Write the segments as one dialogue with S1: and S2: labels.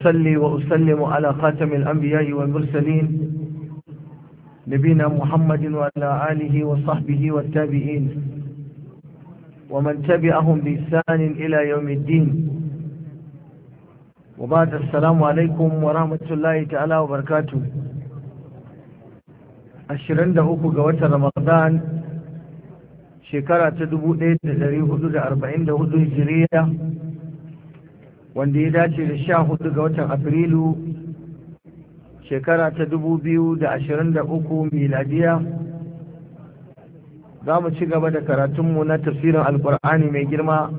S1: أصلي وأسلم على خاتم الأنبياء والمرسلين نبينا محمد وعلى آله وصحبه والتابعين ومن تبعهم بإحسان إلى يوم الدين وبعد السلام عليكم ورحمة الله تعالى وبركاته ashirin da uku ga watan ramadan shekara ta dubu ɗaya da ɗari hudu da arba'in da hudu hijiriya wanda ya dace da sha hudu ga watan afrilu shekara ta dubu biyu da ashirin da uku miladiya za mu ci gaba da karatunmu na tafsirin alkur'ani mai girma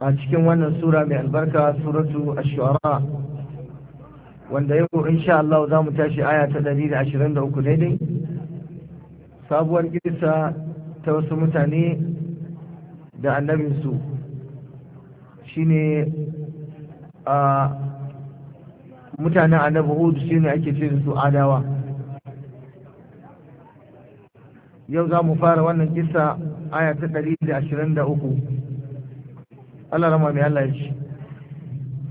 S1: a cikin wannan sura mai albarka suratu ashwara wanda yau insha Allah za mu tashi aya ta ɗari da ashirin da uku daidai sabuwar girsa ta wasu mutane da annabinsu shine a mutanen annabi hudu shine ake ce su adawa yau za mu fara wannan kisa aya ta
S2: 123 Allah rama mai Allah ya ce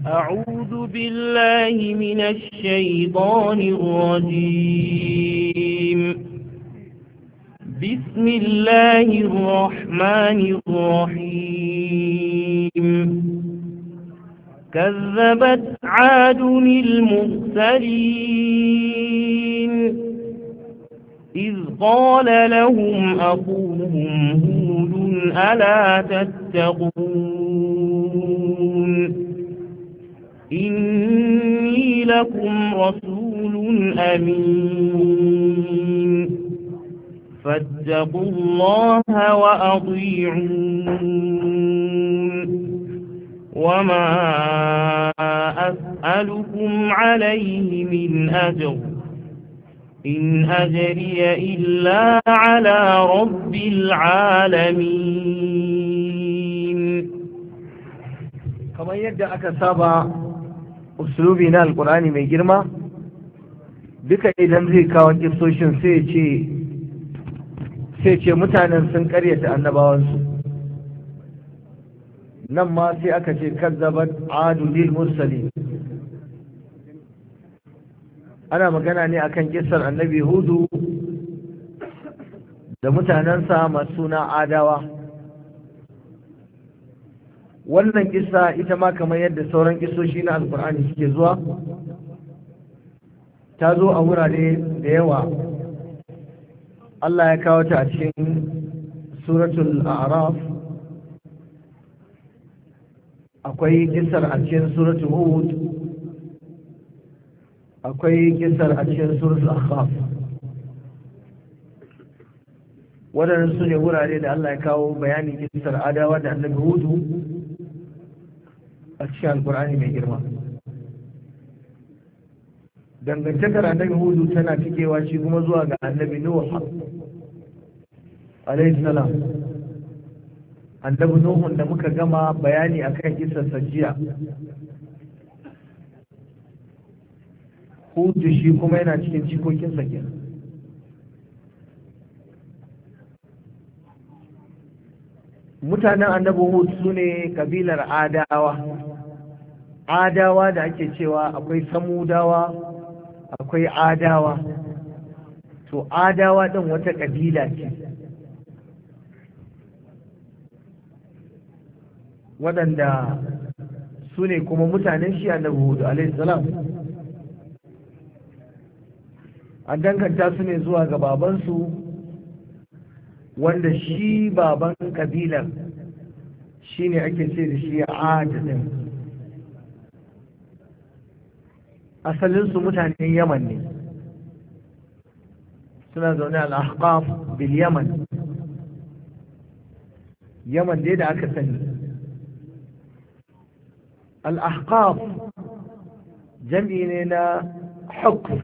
S2: أعوذ بالله من الشيطان الرجيم بسم الله الرحمن الرحيم كذبت عاد المرسلين إذ قال لهم أخوهم هود ألا تتقون إني لكم رسول أمين فاتقوا الله وأطيعون وما أسألكم عليه من أجر إن أجري إلا على رب العالمين
S1: كما يدعى كسابة أسلوبنا القرآن من جرمة duka idan zai kawo kimsoshin sai ce mutanen sun karyata annabawansu nan ma sai aka ce kazzabat adu lil mursali ana magana ne akan kissar annabi hudu da mutanensa masu suna adawa wannan kissa ita ma kamar yadda sauran kisoshi na alkur'ani suke zuwa ta zo a wurare da yawa Allah ya kawo ta a cikin suratul a'raf akwai kisar a cikin suratul hud akwai kisar a cikin suratul akhaf waɗannan su ne wurare da Allah ya kawo bayanin kisar adawa da annabi hudu a cikin alkur'ani mai girma dangantakar annabi hudu tana fikewa shi kuma zuwa ga annabi nuhu alaihi salam annabi nuhun da muka gama bayani akan kisan jiya. hutu shi kuma yana cikin jikokinsa kenan mutanen annabi hud su ne kabilar adawa adawa da ake cewa akwai samudawa akwai adawa to adawa ɗin wata kabila ce waɗanda su ne kuma mutanen shi annabi hudu alaihi A danganta su ne zuwa ga babansu wanda shi baban kabilar shi ne ake ce da shi adadin asalinsu mutanen yaman ne suna zaune a bil yaman yaman dai da aka sani al'ahqaf jam'i ne na hukm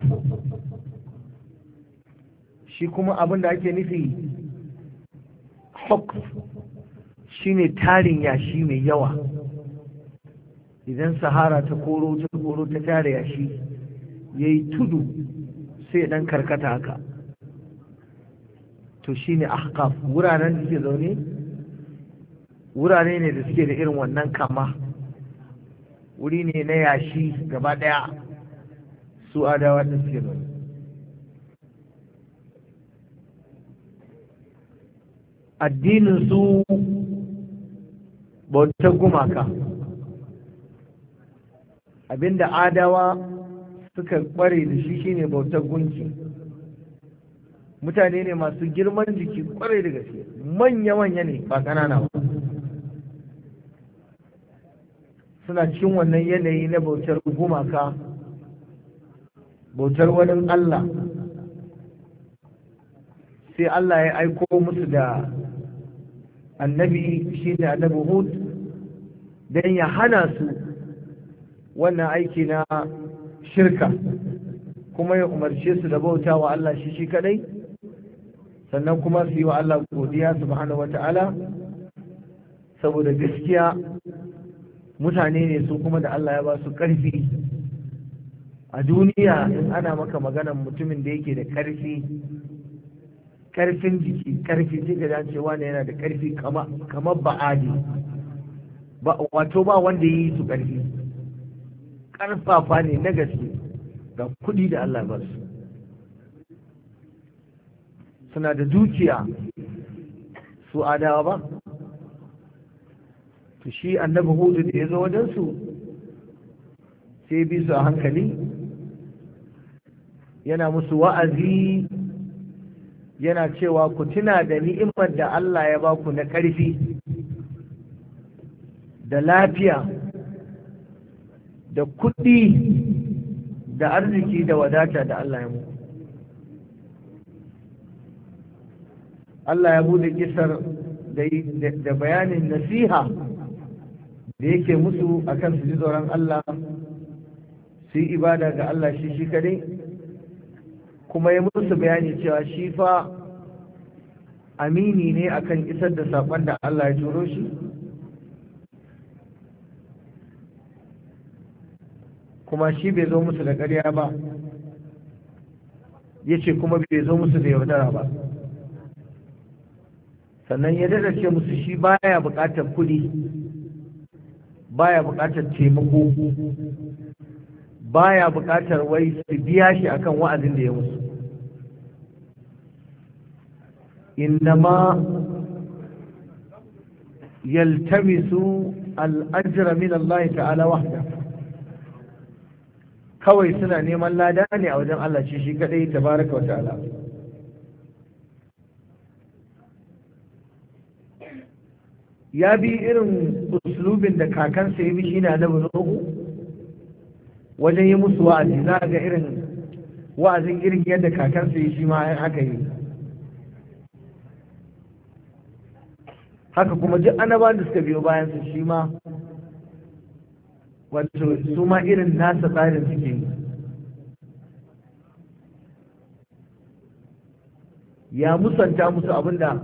S1: shi kuma abin da ake nufi hukm shine tarin yashi mai yawa idan sahara ta koro ta koro ta tare yashi yayi tudu sai dan karkata haka to shine ahqaf wuraren ne da suke da irin wannan kama wuri ne na yashi gaba daya su adawa da suke zaune addinin su bautar gumaka abinda adawa suka kware da shi shine bautar gunki mutane ne masu girman jiki kware da gaske manya-manya ne ba ƙanana ba suna cikin wannan yanayi na bautar gumaka bautar wani Allah sai Allah ya aiko musu da annabi shi da annabi Hud don ya hana su wannan aiki na shirka kuma ya umarce su da bauta wa Allah shi shi kadai sannan kuma su yi wa Allah godiya subhanahu wata'ala saboda gaskiya mutane ne su kuma da Allah ya ba su ƙarfi a duniya in ana maka maganar mutumin da yake da ƙarfi ƙarfin jiki ƙarfi sai da ce yana da ƙarfi kamar ba'adi wato ba wanda ya yi su ƙarfi ƙarfafa ne na gaske ga kuɗi da Allah ba su suna da dukiya su adawa ba shi annabi hudu da ya zo wajensu sai bi su a hankali yana musu wa'azi yana cewa ku tuna da ni'imar da Allah ya ba ku na ƙarfi da lafiya da kuɗi da arziki da wadata da Allah ya mu Allah ya bude kisar da bayanin nasiha da yake musu akan su ji tsoron Allah su yi ibada ga Allah shi shi kadai kuma ya musu bayani cewa shi fa amini ne akan isar da saƙon da Allah ya turo shi kuma shi bai zo musu da ƙarya ba ya ce kuma bai zo musu da yaudara ba sannan ya dada ce musu shi baya buƙatar kuɗi baya buƙatar taimako baya buƙatar wai su biya shi akan wa'azin da ya musu ma yaltamisu al'ajira min Allah ta'ala wahda kawai suna neman lada ne a wajen Allah shi shi kadai tabaraka wa ta'ala ya bi irin uslubin da kakansa ya bi shi na nabin uku wajen yi musu wa'azi za a ga irin wa'azin irin yadda kakansa ya shi ma haka yi haka kuma duk ana da suka biyo bayan su shi ma wato su ma irin nasa tsarin suke yi ya musanta musu abinda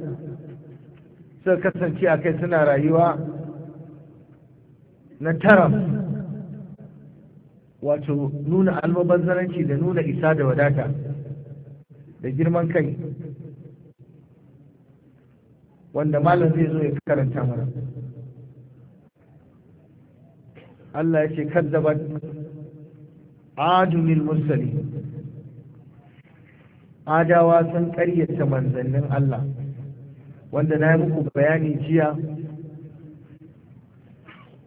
S1: suka kasance a kai suna rayuwa na taram wato nuna almubazzaranci da nuna isa da wadata da girman kai wanda malam zai zo ya karanta mana Allah ya ce kazzabat adunil musali. adawa sun karyata manzannin Allah wanda na yi muku bayani jiya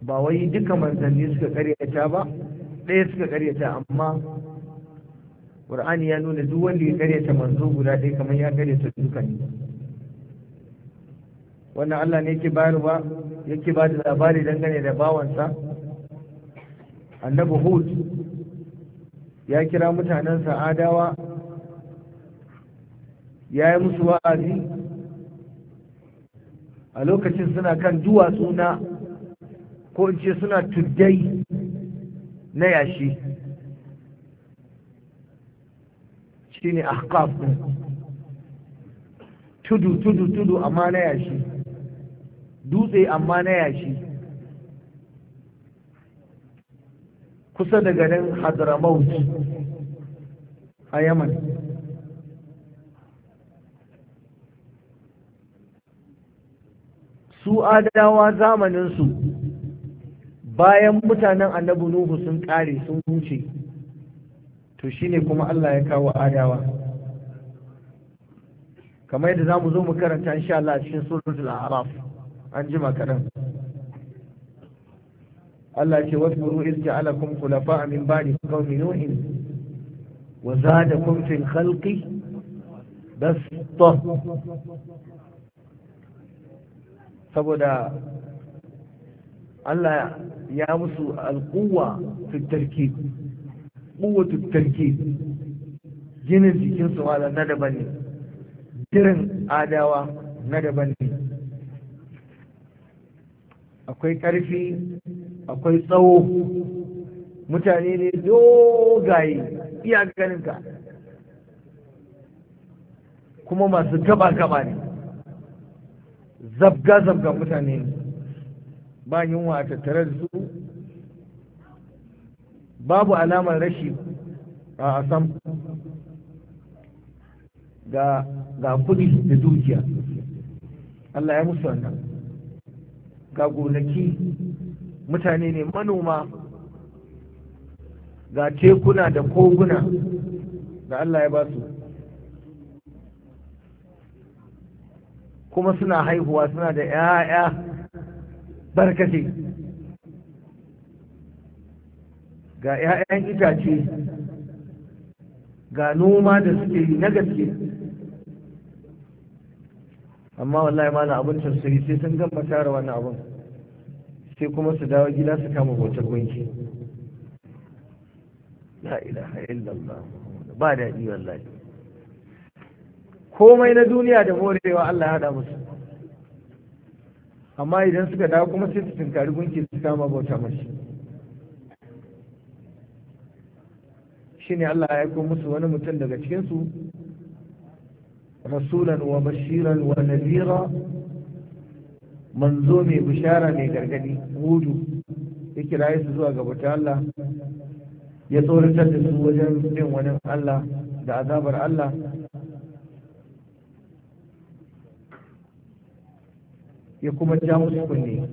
S1: ba wai duka manzanni suka karyata ba ɗaya suka karyata amma ƙur'ani ya nuna duk wanda ya karyata manzo guda ɗaya kamar ya karyata duka ne wannan Allah ne yake bayar ba yake ba da labari dangane da bawansa annabi Hud ya kira mutanensa adawa ya yi musu wa'azi a lokacin suna kan duwatsu na ko in ce suna tuddai na yashi shi ne tudu tudu tudu amma na yashi dutse amma na yashi kusa da garin hadramaut a yamani su adawa zamaninsu bayan mutanen annabi nuhu sun ƙare sun huce to shine kuma Allah ya kawo adawa kamar yadda za mu zo mu karanta insha Allah cikin suratul a'raf an jima kadan Allah ce wasburu iz alakum kulafa min bani qaumi nuh wa zadakum fil khalqi basta saboda Allah ya musu alƙuwa tattarki, ƙuwa ginin jikinsu wala na daban ne jirin adawa na daban ne akwai ƙarfi akwai tsawo mutane ne dogaye iya ganinka kuma masu gaba-gaba ne zabga-zabga mutane ne ba yunwa a tattare da su babu alamar rashi a asam ga ga kudi da dukiya Allah ya musu wannan ga gonaki mutane ne manoma ga tekuna da koguna da Allah ya ba su kuma suna haihuwa suna da 'ya'ya barkace ga 'ya'yan itace ga noma da suke yi na gaske amma wallahi ma na abin tafsiri sai sun gama tara wani abin sai kuma su dawo gida su kama hoton gunki la ilaha illallah ba daɗi wallahi komai na duniya da morewa Allah ya haɗa musu amma idan suka dawo kuma sai su tunkari gunki su kama bauta mashi Shin Allah ya aiko musu wani mutum daga cikinsu rasulan wa bashiran wa nadira manzo mai bishara mai gargadi Hudu, ya kiraye su zuwa bauta Allah ya tsoratar da su wajen bin wani Allah da azabar Allah ya kuma ja musu kunne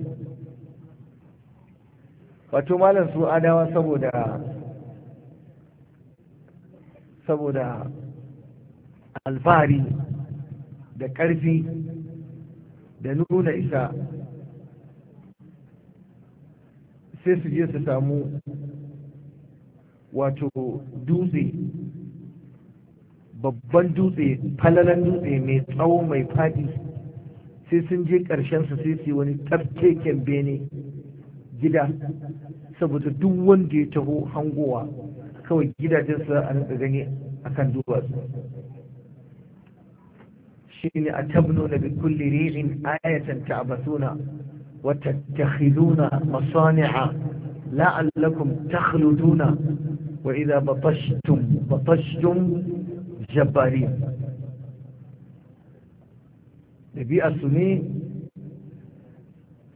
S1: wato malam su adawa saboda saboda alfahari da ƙarfi da nuna isa sai su je su samu wato dutse babban dutse falalan dutse mai tsawo mai fadi sai sun je ƙarshen su sai su wani tafkeken bene gida saboda duk wanda ya taho hangowa kawai gidajen sa an gani akan duwatsu shine a tabno na bi kulli ri'in ayatan ta'basuna wa tattakhiduna masani'a la'allakum takhluduna wa idha batashtum batashtum jabbarin ɗabi'a su ne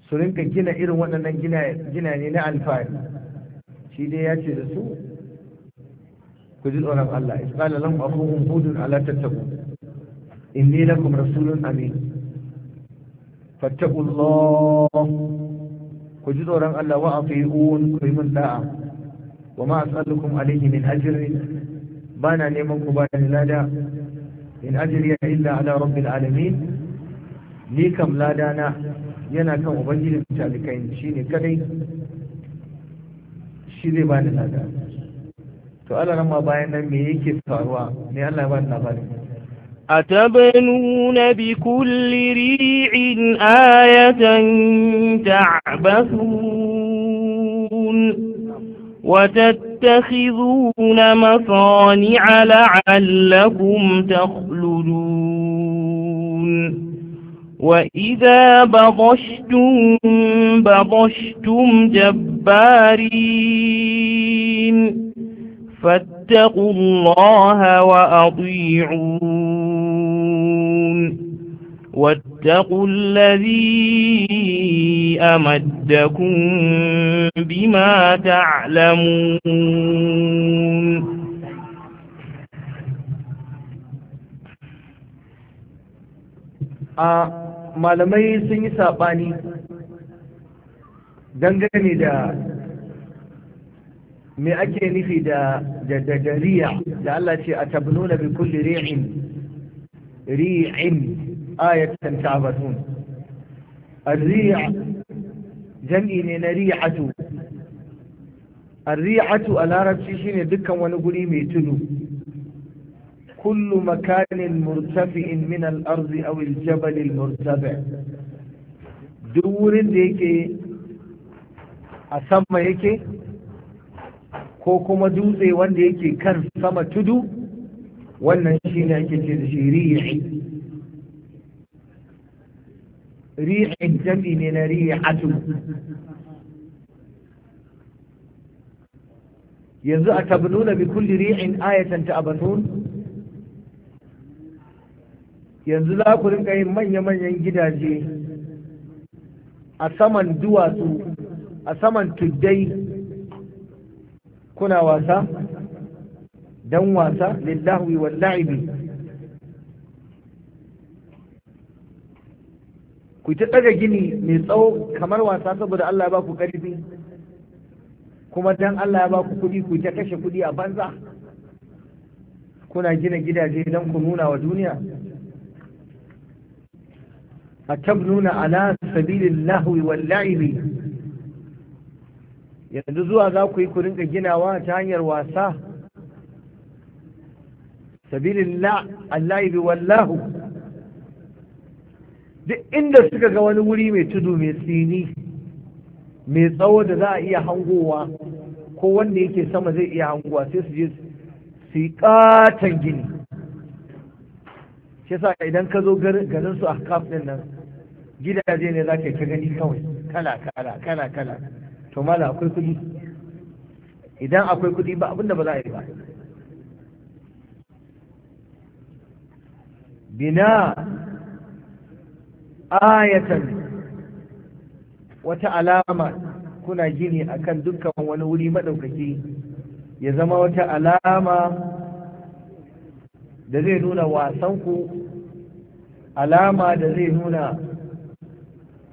S1: su rinka gina irin waɗannan gina ne na alfahari shi dai ya ce da su ku ji tsoron Allah isqala lahum akhuhum hudun ala tattabu inni lakum rasulun amin fattaqullah ku ji tsoron Allah wa atiun ku yi min da'a wa ma as'alukum alayhi min ba na neman ku bani lada in ajriya illa ala rabbil alamin ni kam ladana yana kan ubangijin talikai shi ne kadai shi zai ba ni lada
S2: to Allah bayan nan me yake faruwa ne Allah ya ba ni labarin أتبنون بكل ريع آية تعبثون وتتخذون مصانع لعلكم تخلدون وَإِذَا بَطَشْتُمْ بَطَشْتُمْ جَبَّارِينَ فَاتَّقُوا اللَّهَ وَأَطِيعُونِ وَاتَّقُوا الَّذِي أَمَدَّكُمْ بِمَا تَعْلَمُونَ
S1: آه malamai sun yi saɓani dangane da me ake nufi da da da Allah ce a tabnuna bi kulli ri'in ri'in ayatun tabbatun ar-ri'a jam'i ne na ri'atu ar-ri'atu a larabci shine dukkan wani guri mai tudu كل مكان مرتفع من الأرض أو الجبل المرتفع دور ديكي أسمى يكي كوكما دوزي وان ديكي كان سما تدو وان نشينا يكي ريعي ريح الدم من ريحة يزأ تبنون بكل ريح آية تأبثون yanzu za ku rinka yin manya-manyan gidaje a saman duwatsu a saman tuddai kuna wasa don wasa lillahi wallahi ku ta daga gini mai tsawo kamar wasa saboda Allah ya ba ku ƙarfi kuma don Allah ya ba ku kuɗi ku ta kashe kuɗi a banza kuna gina gidaje don ku nuna wa duniya atabnuna ala sabilin lahwi wal yanzu zuwa za ku yi ku rinka ginawa ta hanyar wasa sabilin la'ibi wallahu duk inda suka ga wani wuri mai tudu mai tsini mai tsawo da za a iya hangowa ko wanda yake sama zai iya hangowa sai su je su yi katon gini shi yasa idan ka zo garin su a kaf nan gidaje ne za ka yi ta gani kawai kala kala kala kala to mala akwai kuɗi idan akwai kuɗi ba abinda ba za a yi ba bina ayatan wata alama kuna gini akan dukkan wani wuri maɗaukaki ya zama wata alama da zai nuna wasanku alama da zai nuna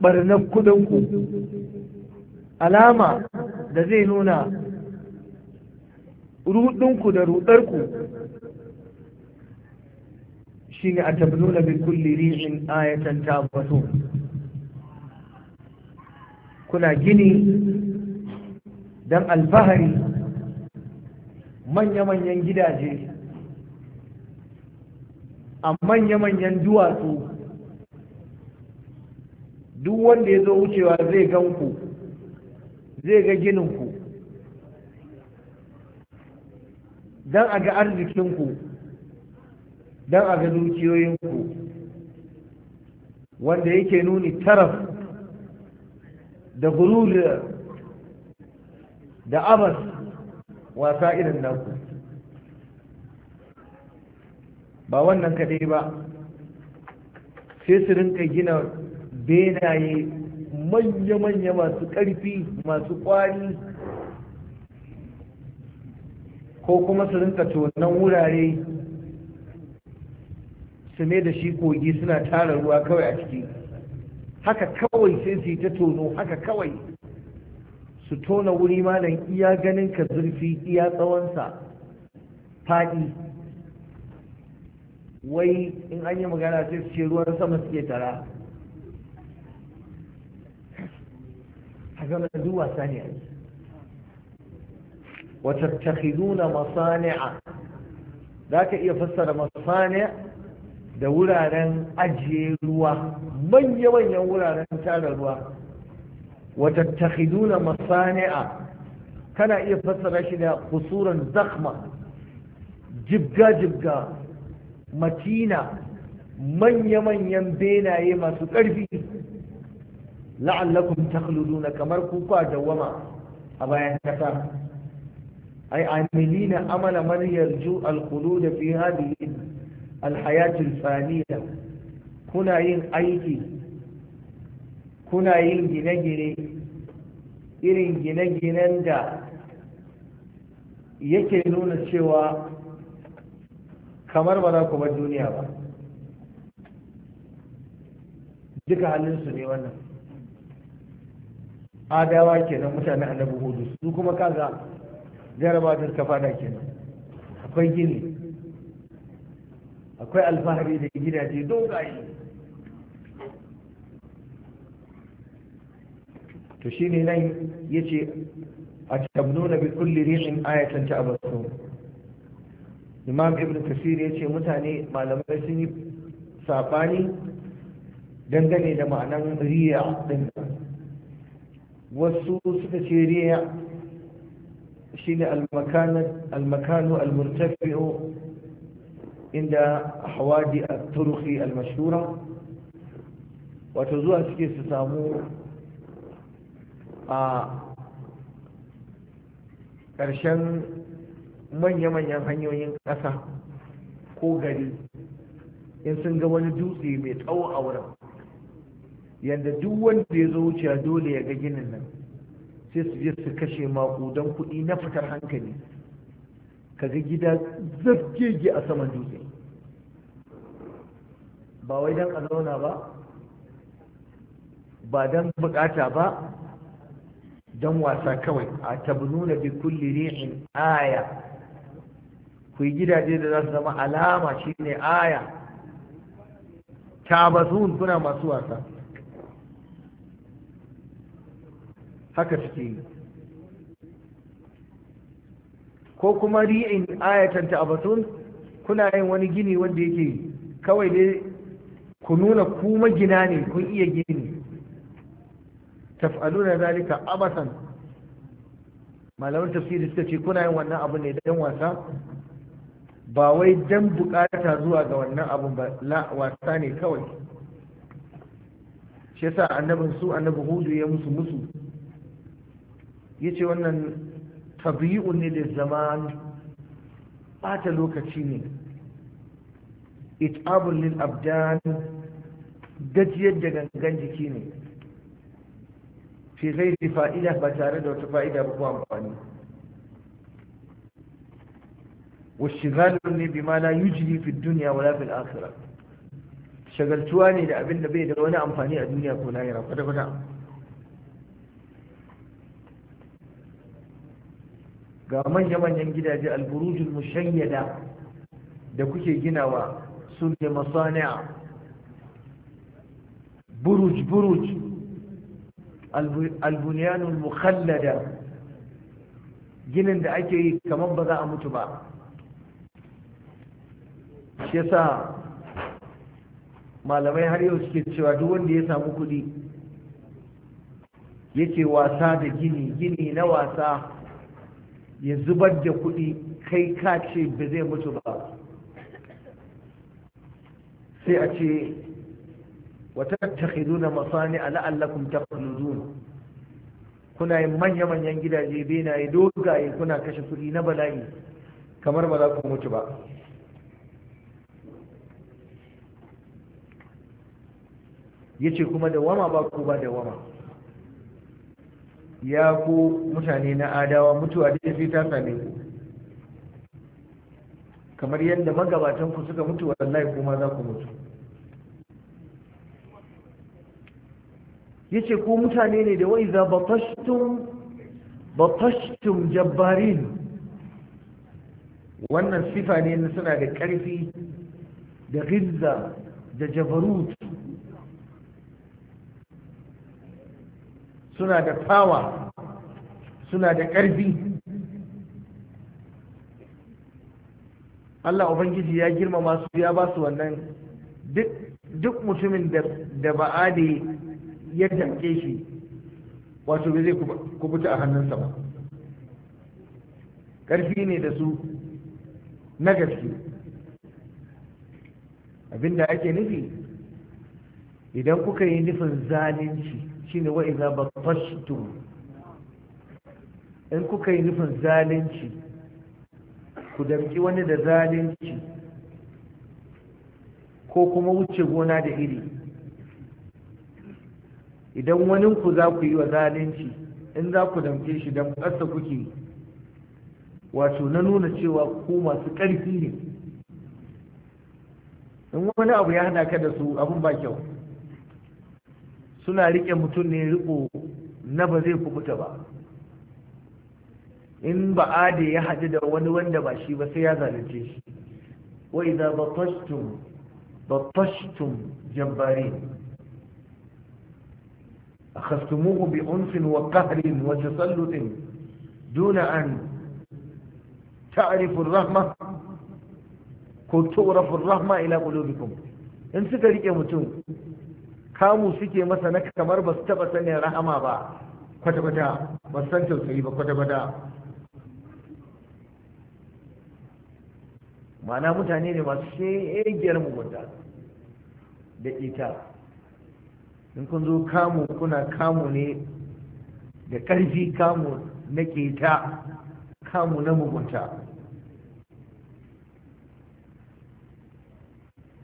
S1: barnar ku,
S3: alama da
S1: zai nuna rudinku da rudarku shine a tabnuna bi kulli ri'in ayatan tabbatu kuna gini dan alfahari manya-manyan gidaje a manya-manyan duwatsu duk wanda ya zo wucewa zai gan ku zai ga ginin ku don a ga arzikinku don a ga dukiyoyinku wanda yake nuni taraf da gurur da abas wasa irin naku ba wannan kaɗai ba sai su rinka gina benaye manya-manya masu ƙarfi masu ƙwari ko kuma su rinka tonon wurare su ne da shi kogi suna tara ruwa kawai a ciki haka kawai sai su yi ta tono haka kawai su tona wuri malam iya ganin ka zurfi iya tsawonsa faɗi wai in an yi magana sai su ce ruwan sama suke tara kaga wannan duk
S3: wasa
S1: iya fassara masani' da wuraren ajiye ruwa manya manyan wuraren tara ruwa wa tattakhiduna masani'a kana iya fassara shi da kusuran zakhma jibga jibga matina manya manyan benaye masu ƙarfi la'allakum takhluduna kamar kuka dawama a bayan kasa ay amilina amala man yarju al-khulud fi hadhihi al-hayat al kuna yin aiki kuna yin gine-gine irin gine-ginen da yake nuna cewa kamar ba za ku bar duniya ba duka halin su ne wannan adawa kenan mutanen annabi hudu su kuma kaza jaraba da suka fada kenan akwai gini akwai alfahari da gidaje gayi to shine nan yace atabnuna bi kulli rihin ayatan abasu imam ibn kasir yace mutane malamai sun yi sabani dangane da ma'anan riya din wasu suka ce riya shi ne almakanu almurtafi'o inda hawadi a turuki almashura wato zuwa suke su samu a ƙarshen manya-manyan hanyoyin ƙasa ko gari in sun ga wani dutse mai tsawo a wurin Yanda duk wanda ya zo wuciya dole ya ga ginin nan sai su je su kashe maƙudan kuɗi na fitar hankali kaga gida zafgege a saman dutse ba wai don a zauna ba ba don bukata ba don wasa kawai a tabnuna bi kulli ri'in aya ku yi gidaje da za su zama alama shine aya tabazun kuna masu wasa haka suke yi ko kuma ri'in ayatan ta'abatun kuna yin wani gini wanda yake kawai dai ku nuna ku magina ne kun iya gini taf'aluna zalika abasan Malamin tafsiri suka ce kuna yin wannan abu ne dan wasa ba wai dan bukata zuwa ga wannan abun ba la wasa ne kawai shi yasa annabin su annabi hudu ya musu musu Ya ce wannan tabi'un ne da zaman bata lokaci ne it'abun lil abdan gajiyar da gangan jiki ne fi gairi fa'ida ba tare da wata fa'ida ba ko amfani والشغال بما لا يجري في duniya wala في shagaltuwa ne da abin da bai da wani amfani a duniya ko lahira kwata-kwata ga manya-manyan gidaje alburujul mushayyada da kuke ginawa sun da masani'a buruj-buruj albuniyanul mukhallada ginin da ake yi kamar ba za a mutu ba shi yasa malamai har yau suke cewa duk wanda ya samu kuɗi yake wasa da gini gini na wasa ya zubar da kuɗi kai ka ce ba zai mutu ba sai a ce masani a la'allakum taqludun kuna yin manya-manyan gidaje yi dogaye kuna kashe kuɗi na bala'i kamar ba za ku mutu ba ya ce kuma da wama ba ku ba da wama ya ku mutane na adawa mutuwa da sai ta same ku kamar yadda magabatan ku suka mutu wallahi kuma za ku mutu yace ku mutane ne da wai za batashtum batashtum jabbarin wannan sifa ne suna da ƙarfi da ghizza da jabarut suna da tawa, suna da ƙarfi Allah Ubangiji ya girmama su ya ba su wannan duk mutumin da ba da ya tamke shi wato bai zai kubuta a hannunsa ba ƙarfi ne da su na gaske abinda ake nufi idan kuka yi nufin zalunci shine wa idza battashtum in kuka yi nufin zalunci ku damki wani da zalunci ko kuma wuce gona da iri idan wani ku za ku yi wa zalunci in za ku damke shi don ƙasa kuke wato na nuna cewa ku masu ƙarfi ne in wani abu ya hada ka da su abin ba kyau suna riƙe mutum ne riƙo na ba zai kubuta ba in ba ade ya haɗu da wani wanda ba shi ba sai ya zalunce shi wa idza batashtum batashtum jabbarin أخذتموه بأنف وقهر وتسلط دون أن تعرف الرحمة كنت تعرف الرحمة إلى قلوبكم In suka يا mutum. kamu suke masa na kamar ba su taba sanin rahama ba kwata-kwata ba su san tausayi ba kwata-kwata mana mutane ne masu shegiyar mugunta da ita in kun zo kamu kuna kamu ne da ƙarfi kamu na keta kamu na mugunta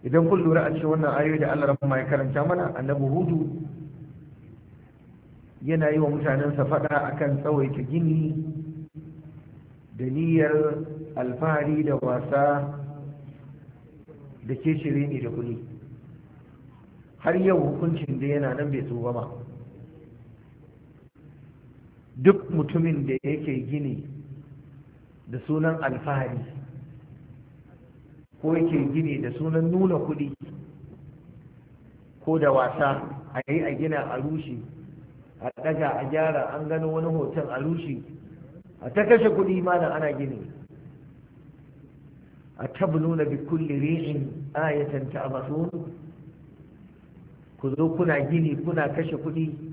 S1: idan kun lura a cikin wannan ayoyi da Allah rahama ya karanta mana annabi hudu yana yi wa mutanensa fada akan tsawaita gini da niyyar alfahari da wasa da ke shirye ne da kuɗi har yau hukuncin da yana nan bai tsoba ba duk mutumin da yake gini da sunan alfahari ko yake gini da sunan nuna kuɗi ko da wasa a yi a gina a rushe a ɗaga a gyara an gano wani hoton a rushe a ta kashe kuɗi malam ana gini a tabnuna bi kulli ri'in ayatan ta'basun ku zo kuna gini kuna kashe kuɗi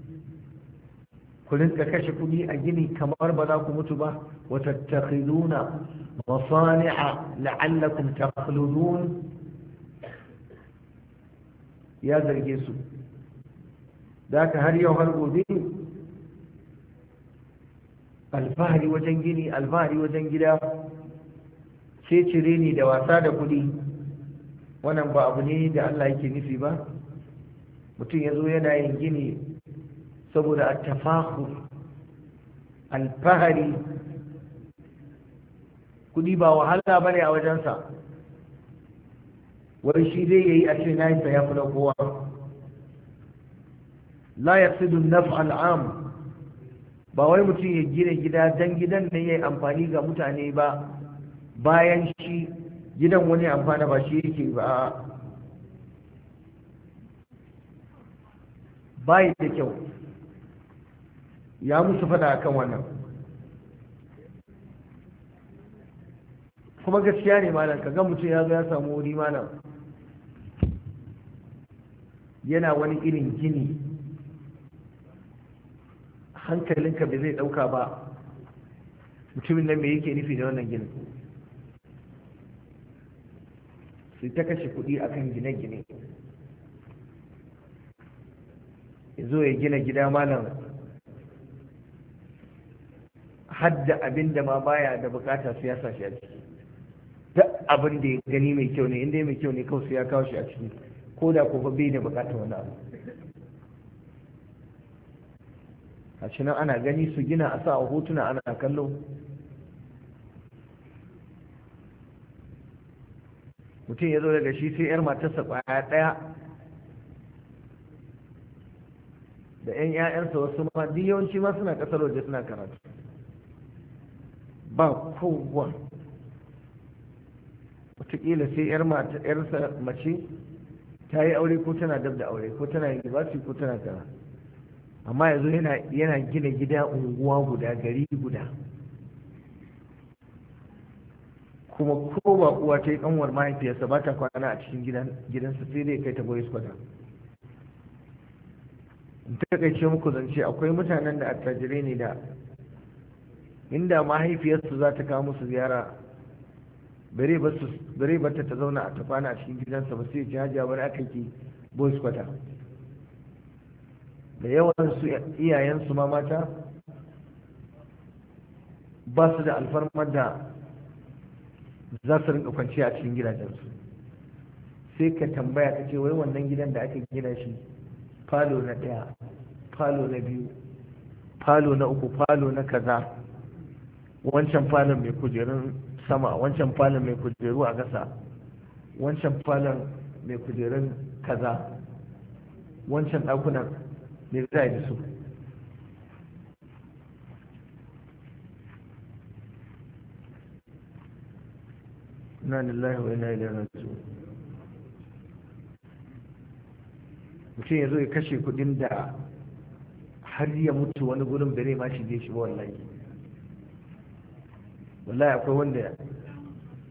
S1: kulin ka kashe kuɗi a gini kamar ba za ku mutu ba wa tattakhiduna masani'a la'allakum takhludun ya zarge su da ka har yau har gobe alfahari wajen gini alfahari wajen gida sai cire ni da wasa da kuɗi wannan ba abu ne da Allah yake nufi ba mutum ya zo yana yin gini saboda a tafahu alfahari kudi ba wahala ba ne a wajensa wani shi zai yayi a ce nayinsa ya fi kowa la ya fi naf al'am ba wai mutum ya gina gida don gidan na ya yi amfani ga mutane ba bayan shi gidan wani amfana ba shi yake ba bayi da kyau ya musu fada akan wannan kuma gaskiya ne malam ka ga mutum ya zo ya samu wuri malam yana wani irin gini hankalinka bai zai dauka ba mutumin nan me yake nufi da wannan ginin su ta kashe kuɗi akan gine-gine ya zo ya gina gida malam hadda abin da ma baya da bukata su ya sa shi a ciki da abin da ya gani mai kyau ne inda mai kyau ne kawai su ya kawo shi a ciki ko da ko bai da bukata wani abu a nan ana gani su gina a sa a hotuna ana kallo mutum ya zo daga shi sai 'yar matarsa kwaya ɗaya da 'yan 'ya'yansa wasu ma duk yawanci ma suna ƙasar waje suna karatu ba kowa wataƙila sai yarsa mace ta yi aure ko tana dab da aure ko tana university ko tana gara amma yanzu yana gina gida unguwa guda gari guda kuma ko ba uwa ta yi kanwar mahaifiyarsa ba ta kwana a cikin gidansa sai dai kai ta boye kwata ta kai ce muku zance akwai mutanen da attajirai ne da inda mahaifiyarsu za ta kawo musu ziyara bare ba ta zauna a tafana a cikin gidansa ba sai jaja wani aka ke boys kwata da yawan su iyayensu ma mata ba su da alfarmar da za su rinka kwanciya a cikin gidajensu sai ka tambaya ka ce wai wannan gidan da ake gina shi falo na ɗaya falo na biyu falo na uku falo na kaza wancan falon mai kujerun sama wancan falon mai kujeru a ƙasa wancan falon mai kujerun kaza wancan ɗakunan ne za a yi su na lillahi wa ina ilaihi raji'un mutum ya zo ya kashe kudin da har ya mutu wani gurin bere ma shige shi ba wallahi wallahi akwai wanda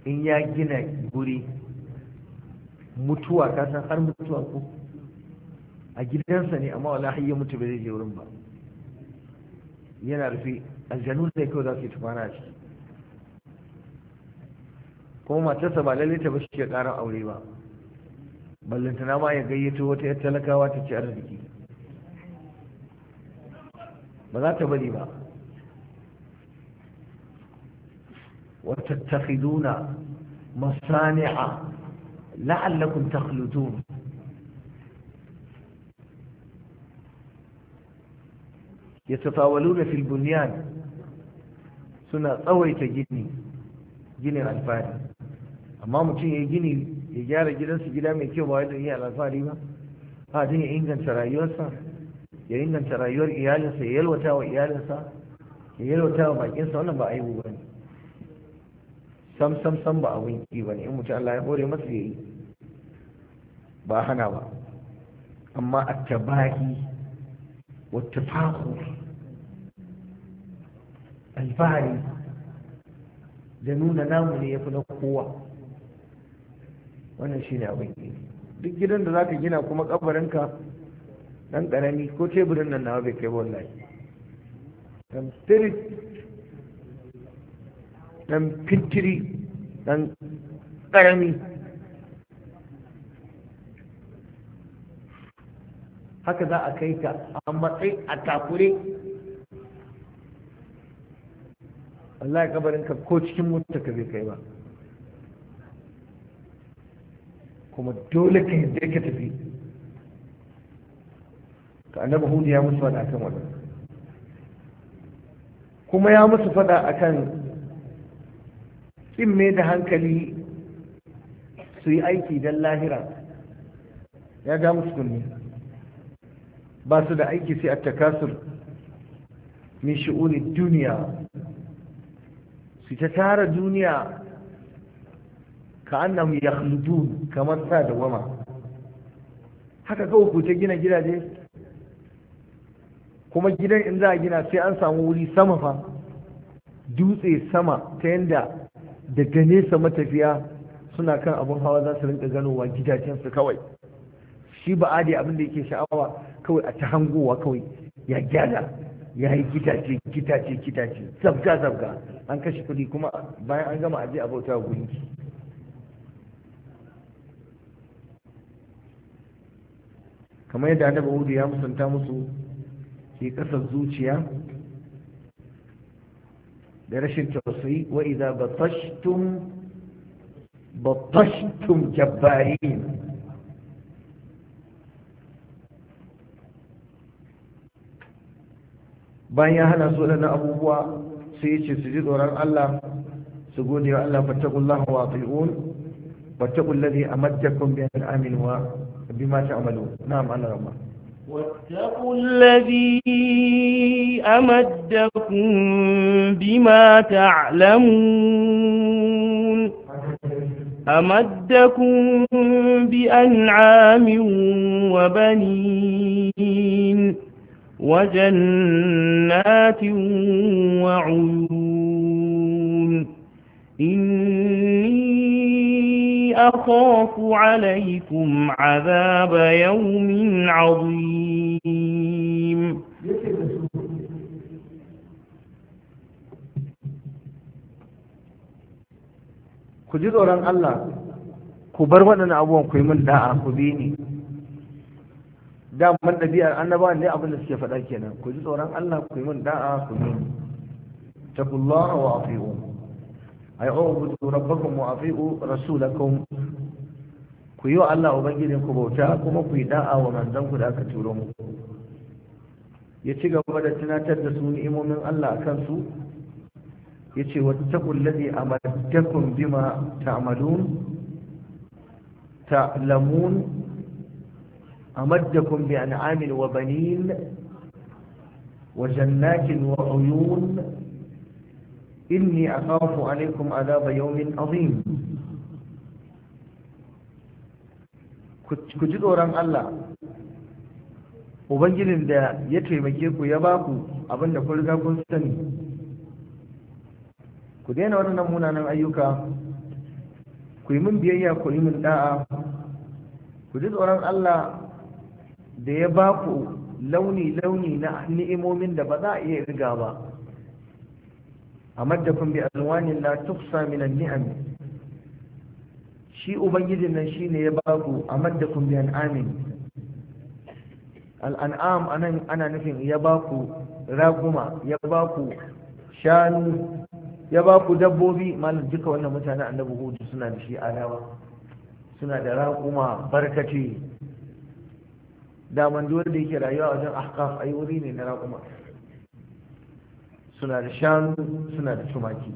S1: in ya gina guri mutuwa kasan har mutuwa ko a gidansa ne amma wallahi ya mutu ba zai je wurin ba yana rufe aljanu da kawai za su yi tufana a ciki kuma matarsa ba lalle ta ba shi ke karan aure ba ballantana ma ya gayyato wata yar talakawa ta ci arziki ba za ta bari ba وتتخذون مصانع لعلكم تخلدون يتطاولون في البنيان سنة طويت جني جني الفاري أما متين يجني يجار جلس جدا من كيو بايد هي الفاري ما هذا هي إنجن سرايوسا يا إنجن سرايور إيالسا إيالسا يلوتا وإيالسا يلوتا وباكين سونا بأيبو sam sam sam ba abun yi ba ne in mutum Allah ya bore masa ya yi ba hana ba amma a tabahi wa tafahu alfahari da nuna namu ne ya fi na kowa wannan shi ne abin yi duk gidan da zaka gina kuma kabarinka dan karami ko teburin nan nawa bai kai wallahi tam spirit ɗan fitiri ɗan ƙarami haka za a kai ta a matsayi a takure Allah ya ka, ko cikin mutu ka bai kai ba kuma dole ka yadda ka tafi ka annabi hudu ya musu faɗa kan wannan kuma ya musu faɗa a kan. in mai da hankali su yi aiki don lahira ya ga musu kunne ba su da aiki sai a takasur min shi'unin duniya su ta tara duniya ka annam ya kamar sa da wama haka kawo ku ta gina gidaje kuma gidan in za a gina sai an samu wuri sama fa dutse sama ta yadda daga nesa matafiya suna kan abin hawa za su rinka ganowa gidajensu kawai shi ba adi abin da yake sha'awa kawai a ta hangowa kawai ya gyara ya yi gidaje gidaje gidaje zabga zabga an kashe kuɗi kuma bayan an gama aje a bauta gunki kamar yadda annabi ya musanta musu ke kasar zuciya da rashin tausayi wa idza batashtum batashtum jabbarin bayan ya hana su waɗannan abubuwa sai ce su ji tsoron Allah su gode wa Allah fattakullahu wa ati'un fattakul ladhi amaddakum bi amin wa bima ta'malun na'am Allah rahma
S2: wattaqul ladhi أمدكم بما تعلمون أمدكم بأنعام وبنين وجنات وعيون إني أخاف عليكم عذاب يوم عظيم
S1: ku ji tsoron Allah ku bar waɗannan abubuwan ku yi min da'a ku bi ni daman ɗabi'ar annabawan ne abin da suke faɗa kenan ku ji tsoron Allah ku yi min da'a ku bi ni taqullaha wa afi'u ay a'budu rabbakum wa afi'u rasulakum ku yi wa Allah ubangijin ku bauta kuma ku yi da'a wa manzon ku da aka turo mu. ya ci gaba da tunatar da su ni'imomin Allah a su Ya ce, yace wattaqul ladhi amadakum bima ta'malun ta'lamun amadakum bi an'amin wa banin wa jannatin wa uyun inni akhafu alaykum adhab yawmin adhim ku ji tsoron Allah ubangijin da ya taimake ku ya baku abinda kun riga kun sani ku daina waɗannan munanan ayyuka ku yi min biyayya ku yi min da'a ku ji tsoron Allah da ya ba ku launi-launi na ni'imomin da ba za a iya riga ba a maddafin bi alwani la tuksa minan ni'am shi ubangijin nan shi ne ya ba ku a maddafin bi al'amin al'an'am anan ana nufin ya ba ku raguma ya ba ku shanu ya ba ku dabbobi malam duka wannan mutane annabi hudu suna da shi alawa suna da raƙuma barkace daman duwar da yake rayuwa wajen ahkaf ai wuri ne na raƙuma suna da shanu suna da tumaki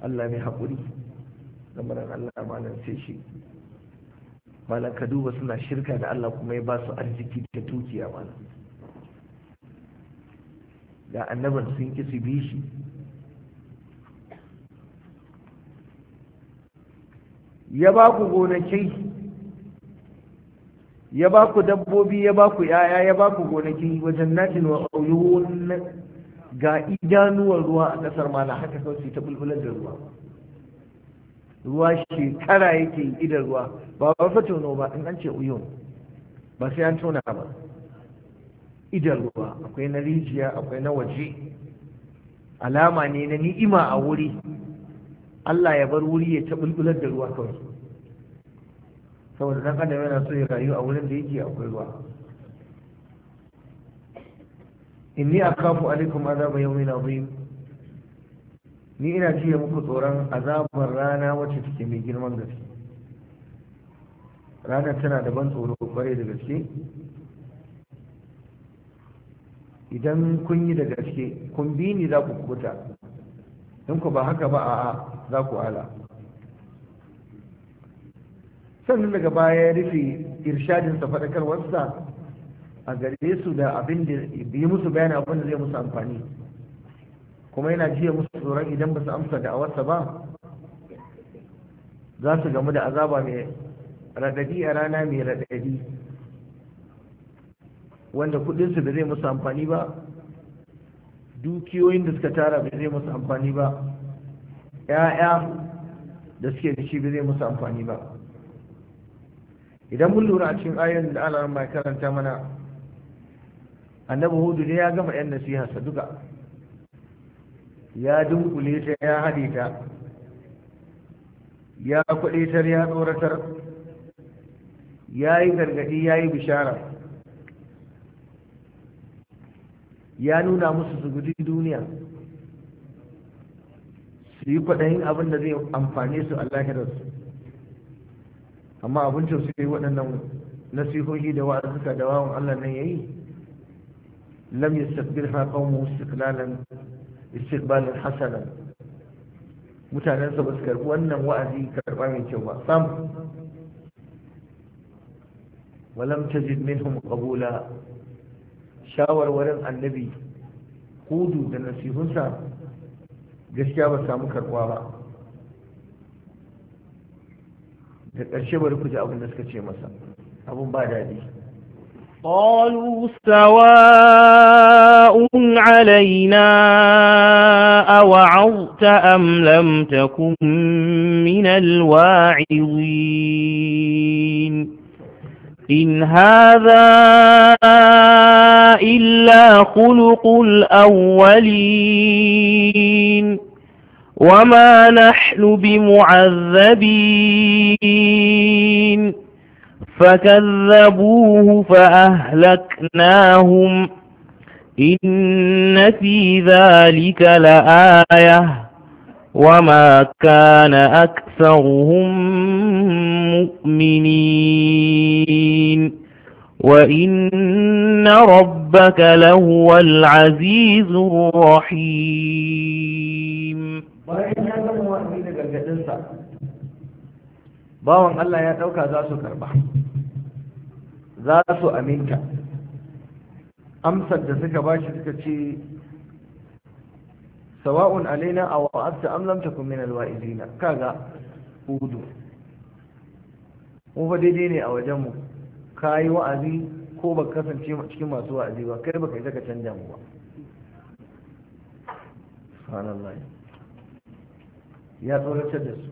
S1: Allah mai haƙuri lamarin Allah malam sai shi malam ka duba suna shirka da Allah kuma ya ba su arziki da tukiya malam da annabin sun ki su bi shi ya ba ku gonaki ya ba ku dabbobi ya ba ku yaya ya ba ku gonaki wajen natin wa ƙauyuhun ga idanuwar ruwa a kasar mana haka kawai ta bulbular da ruwa ruwa shekara yake idan ruwa ba ba fa tono ba in an ce uyun ba sai an tona ba idan ruwa akwai na rijiya akwai na waje alama ne na ni'ima a wuri Allah ya bar wuri ya ta bulbular da ruwa kawai saboda dan adam yana so ya rayu a wurin da yake akwai ruwa inni akafu alaikum azaba yawmin azim ni ina jiya muku tsoron azabar rana wacce take mai girman gaske Rana tana da ban tsoro kwarai da gaske idan kun yi da gaske kun bi ni za ku kuta. in ku ba haka ba a za ku ala sannan daga baya ya rufe irshadinsa faɗakarwarsa a gare su da abin da yi musu bayan abin da zai musu amfani kuma yana jiya musu tsoron idan ba su amsa da awarsa ba za su gamu da azaba mai raɗaɗi a rana mai raɗaɗi wanda kudinsu da zai musu amfani ba dukiyoyin da suka tara bai zai musu amfani ba ya'ya da suke da shi bai zai musu amfani ba idan mun lura a cikin ayon da Allah mai karanta mana annabi hudu ne ya gama yan nasiha sa duka ya dunkule ta ya haɗe ta ya kuɗetar ya tsoratar ya yi gargaɗi ya yi bishara ya nuna musu su guji duniya su yi kwaɗayin abin da zai amfane su a su. amma abin su yi waɗannan nasihohi da wa'azuka da wawan Allah nan yi? lam yastaqbilha qawmu istiqlalan istiqbalan hasanan mutanen su basu karɓi wannan wa'azi karɓa mai kyau ba sam walam tajid minhum qabula shawarwarin annabi hudu da nasihunsa gaskiya ba samu karɓuwa ba da ƙarshe bari ku ji abin da suka ce masa abin ba daɗi
S2: قالوا سواء علينا أوعظت أم لم تكن من الواعظين إن هذا إلا خلق الأولين وما نحن بمعذبين فكذبوه فأهلكناهم إن في ذلك لآية وما كان أكثرهم مؤمنين وإن ربك لهو العزيز الرحيم
S1: bawan Allah ya ɗauka za su karɓa, za su aminta amsar da suka bashi suka ce sawa'un alaina aw wa'adta am lam takun min alwa'izina kaga hudu mu fa daidai ne a wajen mu kayi wa'azi ko ba kasance cikin masu wa'azi ba kai baka yi daga canja mu ba subhanallah ya tsoratar da su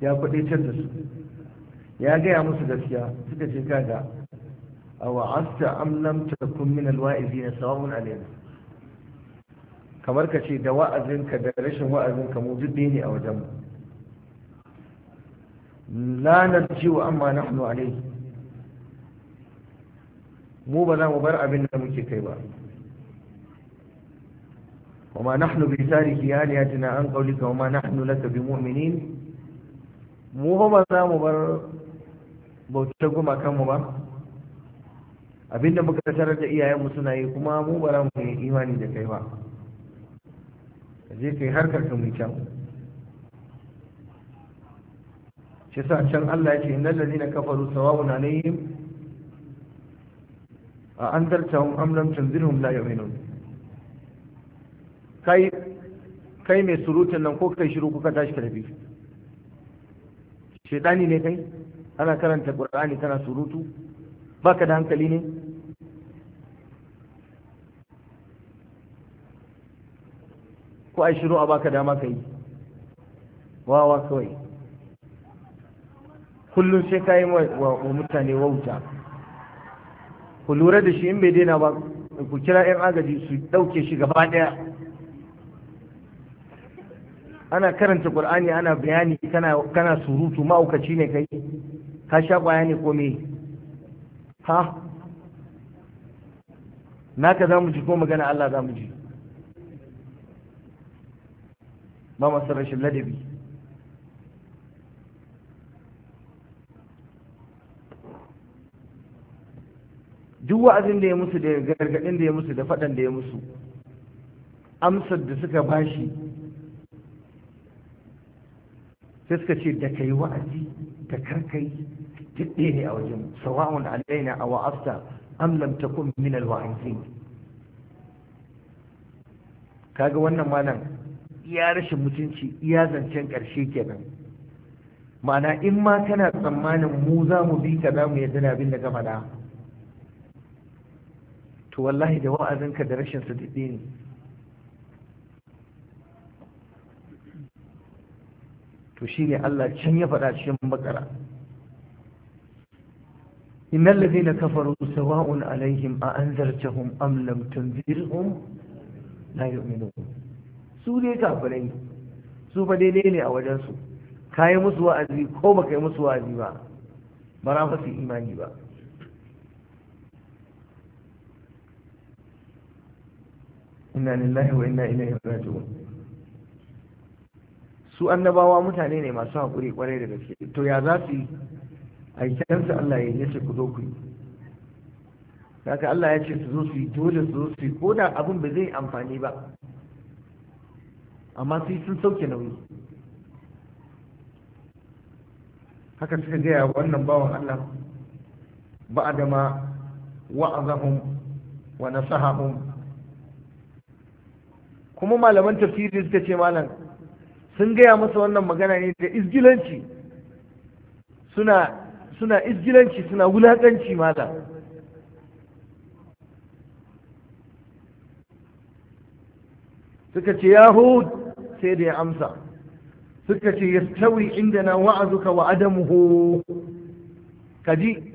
S1: ya kwadaitar da su ya gaya musu gaskiya suka ce kaga a wa'asta am lam takun min alwa'izina sawa'un alaina kamar ka ce da wa'azinka da rashin wa'azinka mu duk ne a wajenmu la narji'u amma nahnu alayhi mu ba za mu bar abin da muke kai ba na hannu bai ya tuna, an بتارك wa ma na hannu نحن لك بمؤمنين mu ba za mu bar bautar kanmu ba Abin da muka tarar da iyayenmu suna yi kuma mu ba za mu yi imani da kai ba ka je ka yi harkar ka mai kyau shi sa can Allah ya ce innal na kafaru na alaihim a anzartahum am lam tunzirhum la yu'minun kai kai mai surutun nan ko kai shiru kuka tashi ka tafi shedani ne kai ana karanta ƙur'ani kana surutu Ba ka da hankali ne ko ai shiru a baka dama ka yi wawa kawai kullum sai ka yi wa mutane wauta ku lura da shi in bai daina ba ku kira 'yan agaji su ɗauke shi gaba ɗaya ana karanta ƙur'ani ana bayani kana surutu ma'aukaci ne kai ka sha ƙwaya ne ko me ha naka za mu ji ko magana Allah za mu ji ba masu rashin ladabi duk wa'azin da ya musu da gargaɗin da ya musu da faɗan da ya musu amsar da suka bashi sai suka ce da kai wa'azi da karkai duk ne a wajen sawa'un alaina a wa'asta am lam takun min al-wa'izin kaga wannan malam iya rashin mutunci iya zancen ƙarshe kenan ma'ana in ma kana tsammanin mu za mu bi ka za mu yi na abin da gama da to wallahi da wa'azinka da rashin su daɗe ne to shi ne Allah can ya faɗa cikin bakara innal ladhina kafaru sawa'un alaihim a anzartahum am lam tunzirhum la yu'minun su dai kafirai su fa daidai ne a wajensu ka yi musu wa'azi ko ba ka yi musu wa'azi ba ba za su imani ba inna lillahi wa inna ilaihi raji'un su annabawa mutane ne masu haƙuri kwarai da gaske to ya za su yi a yi Allah ya yi ce ku zo ku yi haka Allah ya ce su zo su yi dole su zo su yi ko da abin ba zai amfani ba amma sai sun sauke nauyi haka suka gaya wannan bawan Allah dama wa'azahum wa nasahahum kuma malaman tafsiri suka ce malam sun gaya masa wannan magana ne da izgilanci suna suna izgilanci suna wulakanci mala suka ce yahud sai da ya amsa suka ce inda na wa'azuka wa adamuhu kaji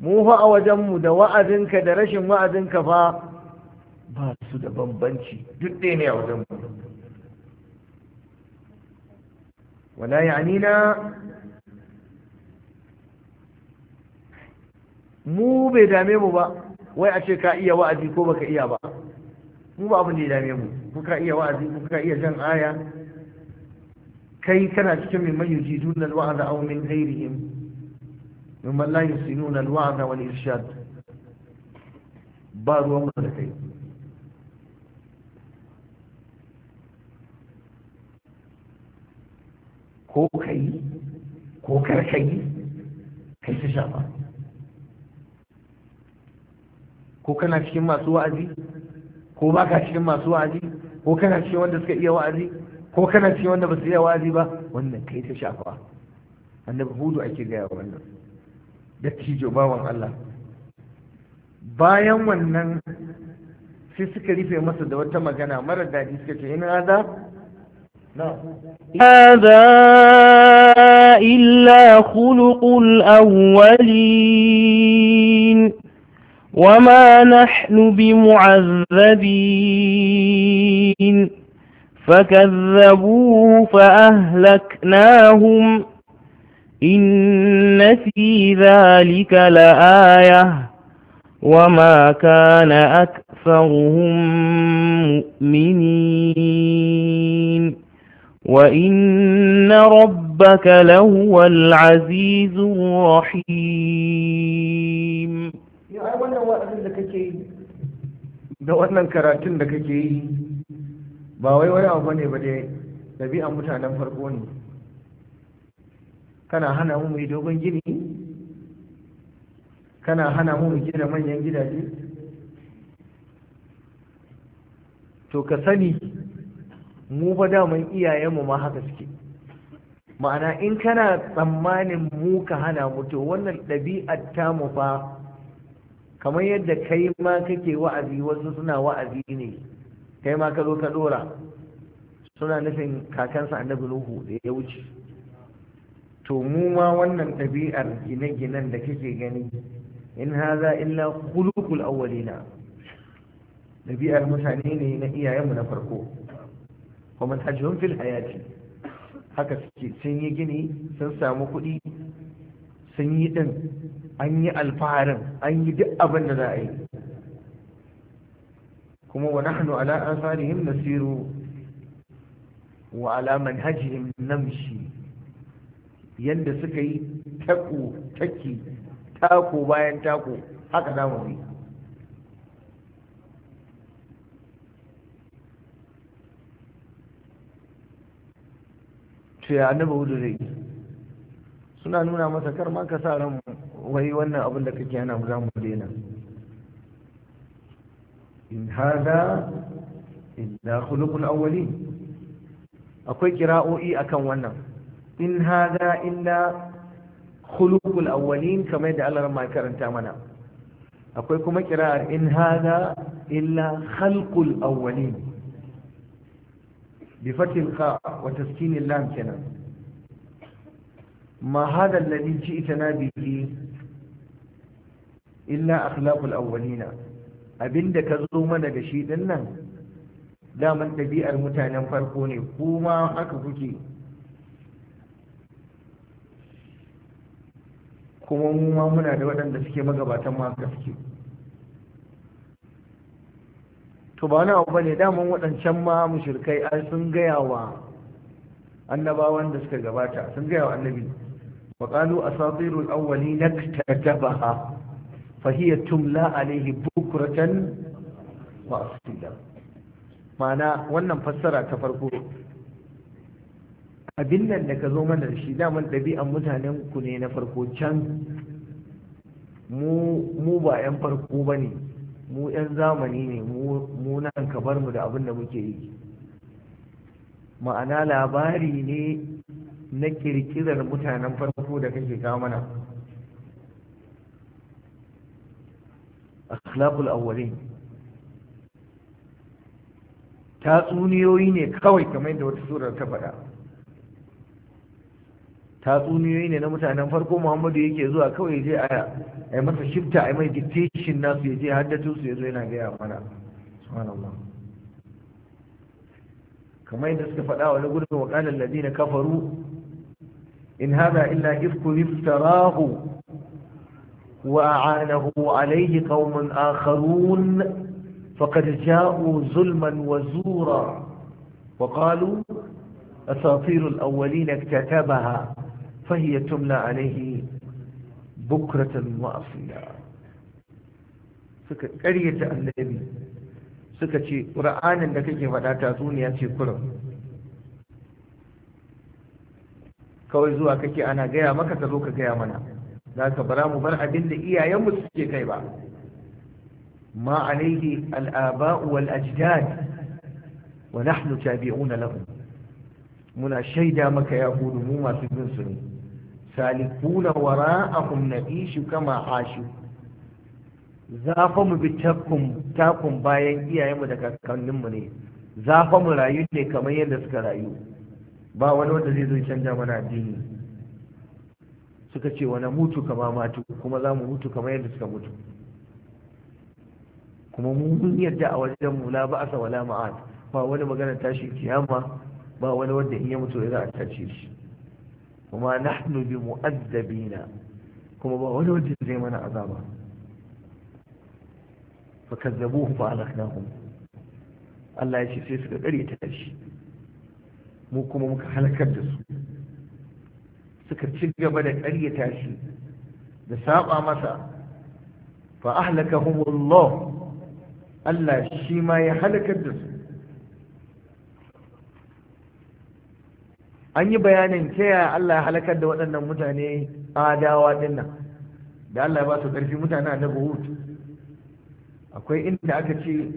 S1: mu fa a wajenmu da wa'azinka da rashin wa'azinka fa ba su da bambanci duk ɗaya ne a wajenmu wala na mu bai dame mu ba wai a ce ka iya wa'azi ko baka iya ba mu ba abin da ya dame mu kuka iya wa'azi kuka iya jan aya kai kana cikin min mayu jidun alwa'aza aw min ghairihim min man la yusinuna alwa'aza wal irshad ba ruwan mu da kai ko kai ko kar kai kai su shafa ko kana cikin masu wa'azi ko ba ka cikin masu wa'azi ko kana cikin wanda suka iya wa'azi ko kana cikin wanda ba su iya wa'azi ba wannan kai ta shafa annabi hudu ake gaya wannan dattijo bawan Allah bayan wannan sai suka rufe masa da wata magana mara daɗi suka ce ina da
S2: هذا إلا خلق الأولين وما نحن بمعذبين فكذبوه فأهلكناهم إن في ذلك لآية وما كان أكثرهم مؤمنين وإن ربك لهو العزيز الرحيم
S1: ai wannan wa'azin da kake yi da wannan karatun da kake yi ba wai wani abu ne ba dai ɗabi'an mutanen farko ne kana hana mu mai dogon gini kana hana mu mai gina manyan gidaje to ka sani mu ba daman iyayenmu ma haka suke ma'ana in kana tsammanin mu ka hana mu to wannan ɗabi'ar tamu fa kamar yadda kai ma kake wa'azi wasu suna wa'azi ne kai ma ka zo ka dora suna nufin kakansa annabi nuhu da ya wuce to mu ma wannan ɗabi'ar gine-ginen da kake gani in haza illa khuluqul awwalina ɗabi'ar mutane ne na iyayenmu na farko kuma tajhum fil hayati haka suke sun yi gini sun samu kuɗi sun yi din an yi alfaharin an yi duk abin da za a yi kuma wa nahnu ala asarihim nasiru wa ala manhajihim namshi yanda suka yi tako taki tako bayan tako haka za mu bi to ya annabi da zai suna nuna masa kar ma ka sa ran wai wannan abin da kake yana za mu dena.' in hada illa khuluqul awwalin akwai kira'o'i akan wannan in hada illa khuluqul awwalin kamar da Allah ya karanta mana akwai kuma kira'ar in hada illa khalqul awwalin bi fatil kha wa taskinil lam kenan ما هذا الذي جئتنا به a أخلاق الأولين abinda ka zo mana da shi din nan daman ɗabi'ar mutanen farko ne kuma haka kuke
S2: kuma mu ma
S1: muna da waɗanda suke magabatan ma haka to ba wani abu bane daman waɗancan ma mushrikai ai sun gaya wa annabawan da suka gabata sun gaya wa annabi وقالوا a الأولين اكتتبها فهي تملى عليه بكرة وأصيلا ma'ana wannan fassara ta farko abin nan da ka zo mana da shi daman ɗabi'an mutanen ne na farko can mu ba 'yan farko ba ne mu 'yan zamani ne mu nan bar mu da abin da muke yi ma'ana labari ne na ƙirƙirar mutanen farko farko da kake kawo mana akhlaqul awwalin tatsuniyoyi ne kawai kamar da wata surar ta faɗa tatsuniyoyi ne na mutanen farko muhammadu yake zuwa kawai je a yi masa shifta a mai dictation nasu ya je haddatu su ya zo yana gaya mana subhanallah kamar yadda suka faɗa wani gurbin waƙalar ladina kafaru إن هذا إلا إفك افتراه وأعانه عليه قوم آخرون فقد جاءوا ظلما وزورا وقالوا أساطير الأولين اكتتبها فهي تملى عليه بكرة وأصيلا سكت قرية النبي سكت قرآن لكي فلا تأتوني أتي قرآن kawai zuwa kake ana gaya maka ka zo ka gaya mana za ka bara mu bar abin da iyayenmu suke kai ba ma alaihi al'aba'u wal ajdad wa nahnu tabi'una lahu muna shaida maka ya hudu mu masu bin su ne salikuna wara'ahum nabishu kama ashu fa mu bi takun bayan iyayenmu da kakanninmu ne zafa mu rayu ne kamar yadda suka rayu ba wani wanda zai zo canja mana addini suka ce wani mutu kama matu kuma za mu mutu kama yadda suka mutu kuma mun yadda a wajen mu la ba'asa wala ma'ad ba wani magana tashi kiyama ba wani wanda in ya mutu ya za a tace shi kuma nahnu bi mu'azzabina kuma ba wani wanda zai mana azaba fa kazzabuhu fa alaknahum Allah ya ce sai suka kare ta shi mu kuma muka halakar da su suka ci gaba da ƙaryata shi da saba masa fa ahlakahumullah Allah shi ma ya halakar da su an yi bayanin ta Allah ya halakar da waɗannan mutane adawa ɗin nan da Allah ya ba su ƙarfi mutane na Hud akwai inda aka ce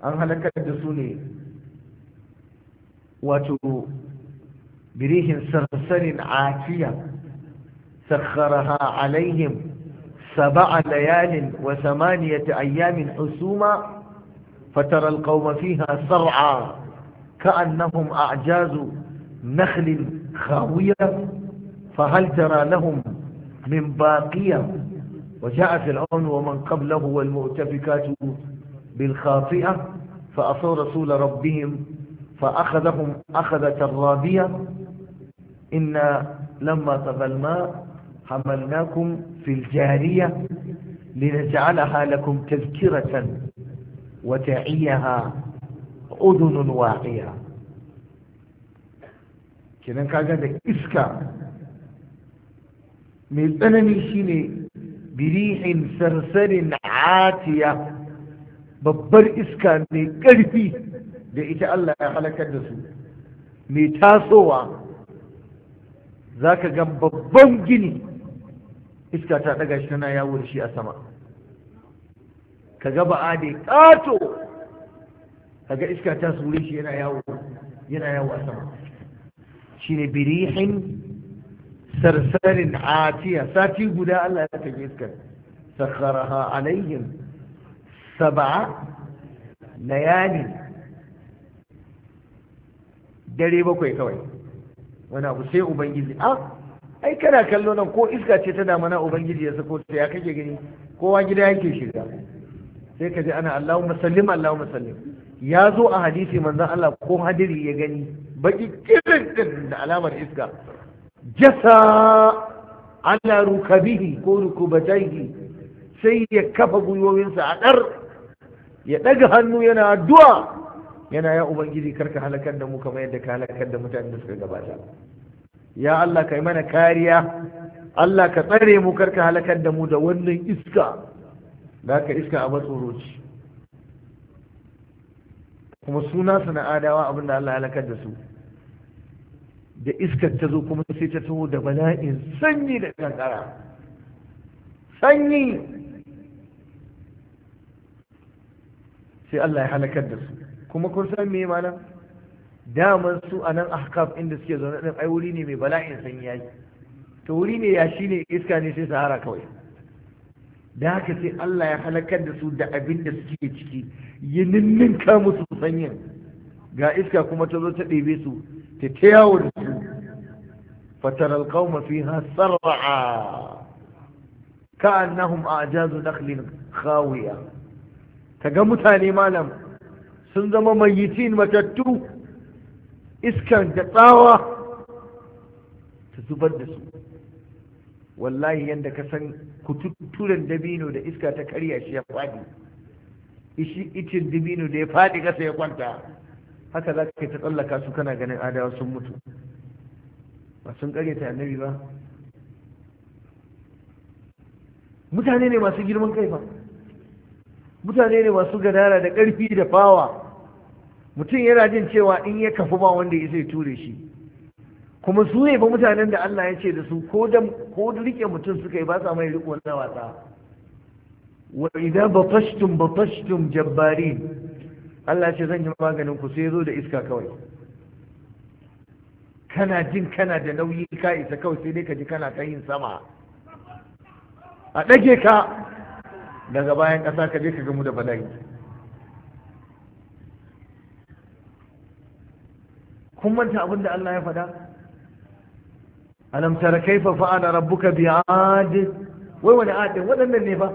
S1: an halakar da su ne وتو birihin sarsarin عاتية سخرها عليهم سبع ليال وثمانية أيام حسوما فترى القوم فيها سرعا كأنهم أعجاز نخل خاوية فهل ترى لهم من باقية وجاء فرعون ومن قبله والمؤتفكات بالخاطئة فأصوا رسول ربهم فأخذهم أخذ كرابية إن لما طغى الماء حملناكم في الجارية لنجعلها لكم تذكرة وتعيها أذن واعية كنن كاجا إسكا من بنني شيني بريح سرسر عاتية ببر إسكا من قلبي da ita Allah ya halakar da su mai tasowa za ka ga babban gini iska ta daga shi tana yawo shi a sama ka ga a da ƙato ka ga iska ta suri shi yana yawo yana yawo a sama shi ne birihin sarsarin atiya sati guda Allah ya tafi iskar sakharaha alayhim sab'a layalin dare bakwai kawai wani abu sai ubangiji a ai kana kallo nan ko iska ce ta damana ubangiji ya sako sai ya kake gani kowa gida yake shiga sai ka ji ana Allahumma sallim Allahumma sallim ya zo a hadisi manzon Allah ko hadiri ya gani baki kirin din da alamar iska jasa ala rukabihi ko rukubatayhi sai ya kafa buyoyinsa a ɗar ya ɗaga hannu yana addu'a yana ya ubangiji karka halakar da mu kamar yadda ka halakar da mutanen da suka gabata ya Allah ka yi mana kariya Allah ka tsare mu karka halakar da mu da wannan iska da ka iska a matsoroci kuma suna na adawa abin da Allah ya halakar da su da iskar ta zo kuma sai ta taho da bala'in sanyi da kankara sanyi sai Allah ya halakar da su kuma kun san me malam daman su a nan ahkaf inda suke zaune din ai wuri ne mai bala'in sanyi yi to wuri ne yashi ne iska ne sai sahara kawai da haka sai Allah ya halakar da su da abin da suke ciki ya kamu musu sanyin ga iska kuma ta zo ta ɗebe su ta ta yawo da su fataral qauma fiha sar'a ka'annahum a'jazu nakhlin khawiya ga mutane malam sun zama mayyitin matattu iskan da tsawa ta zubar da su wallahi yadda ka san kututturen dabino da iska ta karya shi ya faɗi ishi icin dabino da ya faɗi ƙasa ya kwanta haka za ka ta tsallaka su kana ganin adawa sun mutu ba sun ta annabi ba mutane ne masu girman kai ba mutane ne masu gadara da ƙarfi da fawa mutum yana jin cewa in ya kafu ba wanda ya zai ture shi kuma su ne ba mutanen da Allah ya ce da su ko da rike mutum suka yi ba sa mai riko na wasa wa idan ba fashtun, jabbarin Allah ce zan yi maganin ku sai zo da iska kawai kana jin kana da nauyi ka isa kawai sai dai ka ji kana kayin sama a ɗage ka daga bayan ƙasa ka je ka gamu da bala'i kun manta abin da Allah ya faɗa alam tara kaifa fa'ala rabbuka bi ad wai wani ad waɗannan ne fa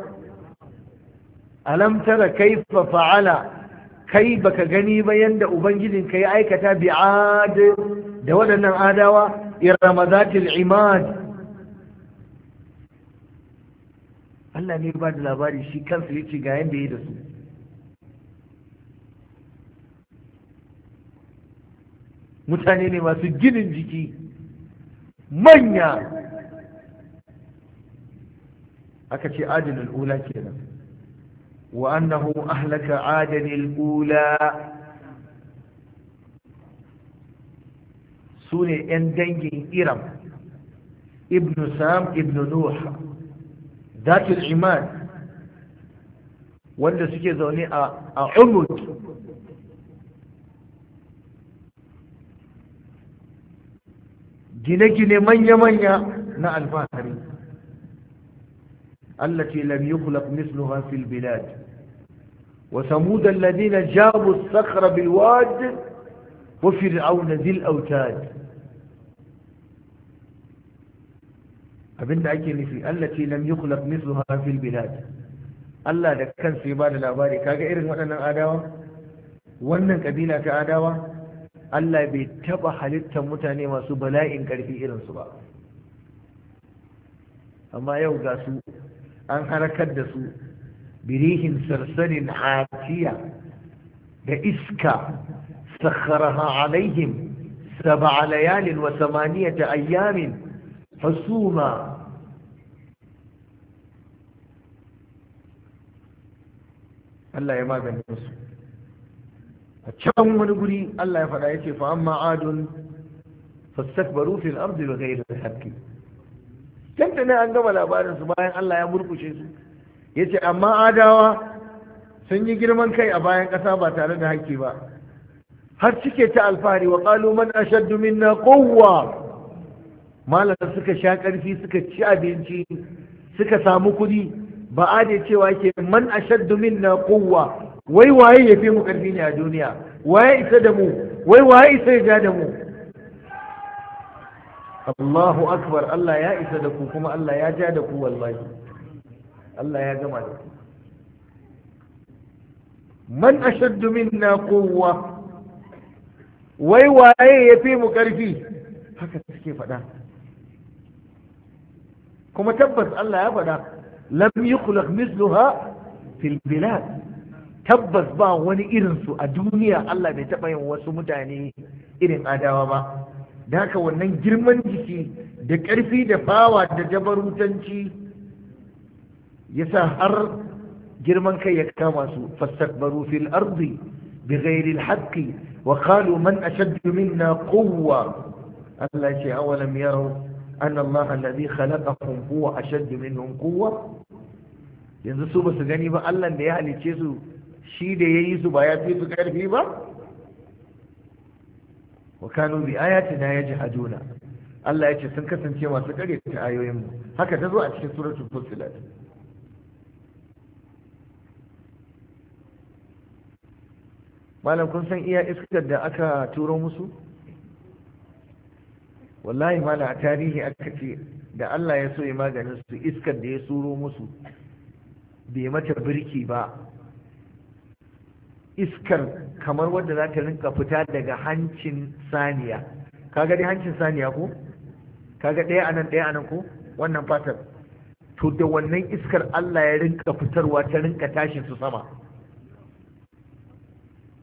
S1: alam tara kaifa fa'ala kai baka gani ba yanda ubangijin ka yi aikata bi ad da waɗannan adawa iramazatil imad Allah ne ba da labari shi kansa yace ga yanda yi da su mutane ne masu ginin jiki manya aka ce adinul ula kenan wa annahu ahlaka adinul ula su ne 'yan dangin iram ibn sam ibn nuh zatul iman wanda suke zaune a umud gine-gine manya-manya na alfahari Allah allati lam yukhlaq misluha fil bilad wa samud alladhina jabu as-sakhra bil wad wa fir'auna dhil awtad abinda ake nufi Allah ce lam yukhlaq misluha fil bilad Allah da kansa ya bada labari kaga irin waɗannan adawa wannan kabila ta adawa Allah bai taba halittar mutane masu bala'in ƙarfi irinsu ba amma yau ga su an harkar da su birihin sarsarin hatiya da iska sakharaha alaihim سبع ليال وثمانية ayyamin حسوما allah ya ماذا نسو a can wani guri Allah ya faɗa ya ce fa amma fastakbaru fil ardi bi ghayri haqqi tantana an gama labarin su bayan Allah ya murkushe su yace amma adawa sun yi girman kai a bayan ƙasa ba tare da haƙƙi ba har cike ta alfahari wa qalu man ashaddu minna quwwa malaka suka sha ƙarfi suka ci abinci suka samu kuɗi ba a cewa ke man ashaddu minna quwwa wai waye ya fi mu karfi ne a duniya waye isa da mu wai waye isa ya ja da mu Allahu akbar Allah ya isa da ku kuma Allah ya ja da ku wallahi Allah ya gama da ku man ashaddu minna quwwa wai waye ya fi mu karfi haka suke faɗa kuma tabbas Allah ya faɗa lam yukhlaq mithluha fil bilad tabbas ba wani irinsu a duniya Allah bai taɓa yin wasu mutane irin adawa ba da haka wannan girman jiki da ƙarfi da bawa da jabarutanci ya sa har girman kai ya kama su fastakbaru fil ardi bi ghairi al-haqqi wa qalu man ashaddu minna quwwa Allah ce awalam yaraw anna Allah alladhi khalaqakum huwa ashaddu minhum quwwa yanzu su basu gani ba Allah da ya halice su shi da ya yi su ba ya fi su ƙarfi ba wa kanu bi ji yajhaduna Allah ya ce sun kasance masu kare ta ayoyinmu haka ta zo a cikin suratul fusilat malam kun san iya iskar da aka turo musu wallahi mana a tarihi aka ce da Allah ya so ya maganin su iskar da ya turo musu bai mata birki ba iskar kamar wadda za ta rinka fita daga hancin saniya kaga dai hancin saniya ko kaga ɗaya anan ɗaya anan ko wannan fatar to da wannan iskar Allah ya rinka fitarwa ta rinka tashin su sama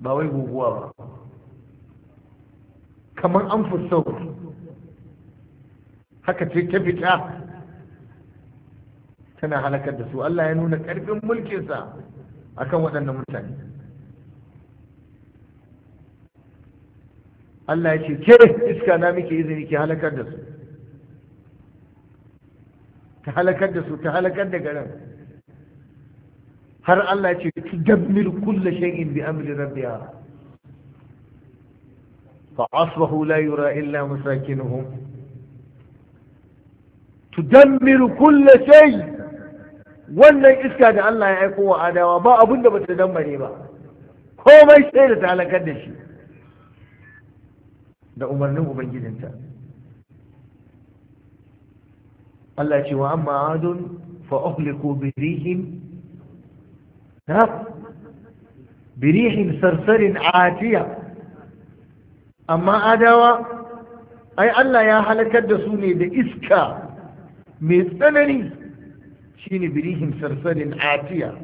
S1: ba wai guguwa ba kamar an fusa haka ce ta fita tana halakar da su Allah ya nuna ƙarfin mulkinsa akan waɗannan mutane Allah ya ce ke iska na miki izini ki halakar da su ta halakar da su ta halakar da garin har Allah ya ce ki dammir kulla shay'in bi amri rabbiha fa asbahu la yura illa masakinuhum tudammiru kulla shay wannan iska da Allah ya aiko adawa ba abunda da bata dambare ba komai sai da ta halakar da shi da umarnin ubangijinta Allah ce wa amma adun fa uhliku bi rihin bi sarsarin atiya amma adawa ai Allah ya halakar da su ne da iska mai tsanani shine birihim sarsarin atiya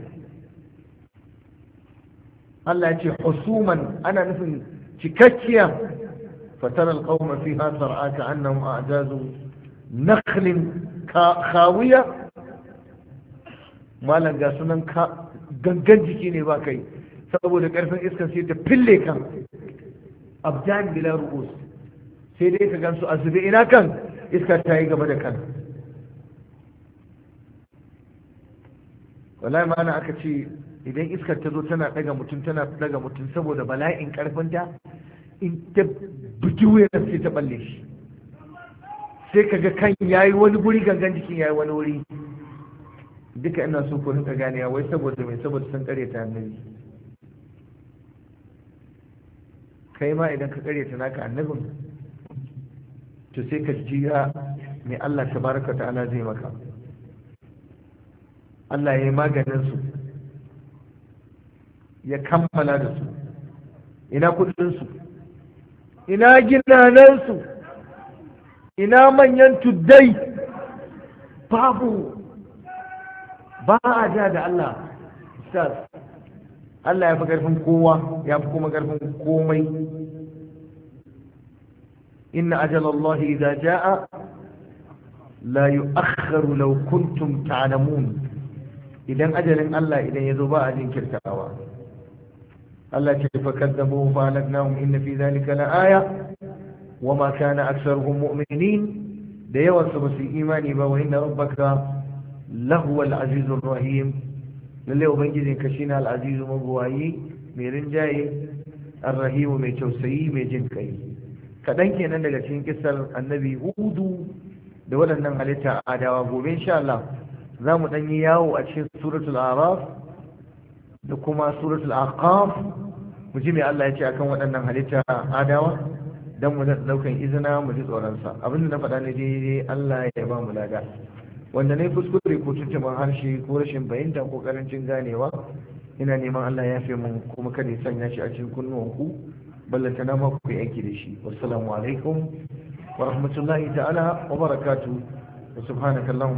S1: Allah ya ce husuman ana nufin cikakkiya فترى القوم فيها ترعى كأنهم أعجاز نخل خاوية ما لن قاسنا gangan jiki ne ba kai saboda karfin iskar sai ta fille kan abjan bila sai dai ka gansu a zube ina kan iska ta yi gaba da kan wallahi ma'ana aka ce idan iskar ta zo tana ɗaga mutum tana daga mutum saboda bala'in karfin ta in ta buki wuyar sai ta balle shi sai kaga kan yayi wani guri gangan jikin yayi wani wuri duka ina so ku rinka ya wai saboda mai saboda sun kare ta annabi kai ma idan ka kare ta naka annabin to sai ka jira mai Allah tabaraka ta'ala zai maka Allah ya yi maganin su ya kammala da su ina kudin su ina ginanansu ina manyan tuddai babu ba a ja da Allah ustaz Allah ya fi ƙarfin kowa ya fi kuma ƙarfin komai inna ajalallahi idza jaa la yu'akhkharu law kuntum ta'lamun idan ajalin Allah idan ya zo ba a jinkirtawa Allah ce fakadzabu fa alagnahum inna fi zalika laaya wama kana aktharuhum mu'minin da yawan su basu imani ba wa inna rabbaka lahuwal azizur rahim lalle ubangijin ka shine al azizu magwayi mai rinjaye Rahimu mai tausayi mai jin kai kadan kenan daga cikin kissar annabi hudu da waɗannan halitta adawa gobe insha Allah za mu yi yawo a cikin suratul araf da kuma suratul aqaf mu ji mai Allah ya ce akan waɗannan halitta adawa dan mu daukan izina mu ji tsoron sa abinda na faɗa ne dai Allah ya ba mu lada wanda ne kuskure ko tuntuban harshe ko rashin bayanta ko karancin ganewa ina neman Allah ya fi mun kuma kada ya sanya shi a cikin kunnuwanku ballanta na ku yi aiki da shi wassalamu alaikum wa rahmatullahi ta'ala wa barakatuh wa subhanakallahumma